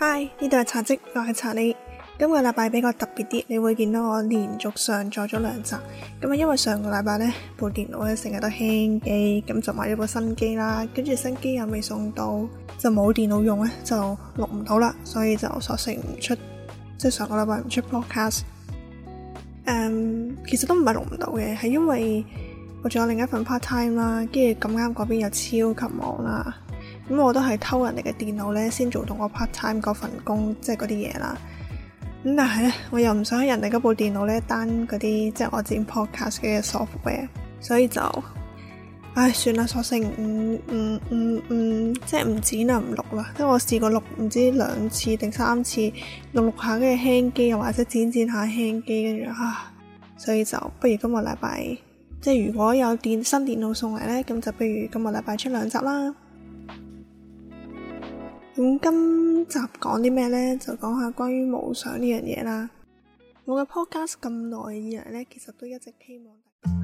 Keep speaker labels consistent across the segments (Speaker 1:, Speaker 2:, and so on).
Speaker 1: Hi，呢度係茶嘖，我係查理。今個禮拜比較特別啲，你會見到我連續上載咗兩集。咁啊，因為上個禮拜呢部電腦咧成日都 hang 機，咁就買咗部新機啦。跟住新機又未送到，就冇電腦用咧，就錄唔到啦。所以就索性唔出，即係上個禮拜唔出 podcast。Um, 其實都唔係錄唔到嘅，係因為我仲有另一份 part time 啦，跟住咁啱嗰邊又超級忙啦。咁、嗯、我都係偷人哋嘅電腦咧，先做到我 part time 嗰份工，即係嗰啲嘢啦。咁、嗯、但係咧，我又唔想人哋嗰部電腦咧 down 嗰啲即係我剪 podcast 嘅 software，所以就唉，算啦，索性唔唔唔唔即係唔剪啦，唔錄啦。因為我試過錄唔知兩次定三次，錄錄下跟住輕機，又或者剪剪下輕機，跟住啊，所以就不如今個禮拜即係如果有電新電腦送嚟咧，咁就不如今個禮拜出兩集啦。咁今集講啲咩呢？就講下關於無常呢樣嘢啦。我嘅 podcast 咁耐以嚟呢，其實都一直希望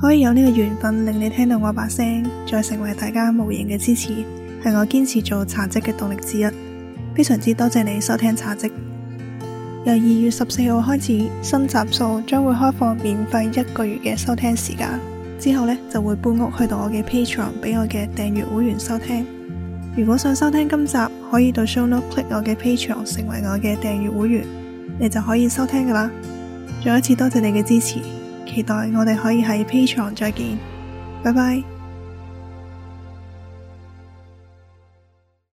Speaker 1: 可以有呢個緣分令你聽到我把聲，再成為大家無形嘅支持，係我堅持做茶職嘅動力之一。非常之多謝你收聽茶職。由二月十四號開始，新集數將會開放免費一個月嘅收聽時間，之後呢，就會搬屋去到我嘅 Patreon，俾我嘅訂閱會員收聽。如果想收聽今集，可以到 ShowNote click 我嘅 Patreon 成為我嘅訂閱會員，你就可以收聽㗎喇。再一次多謝你嘅支持，期待我哋可以喺 Patreon 再見，拜拜。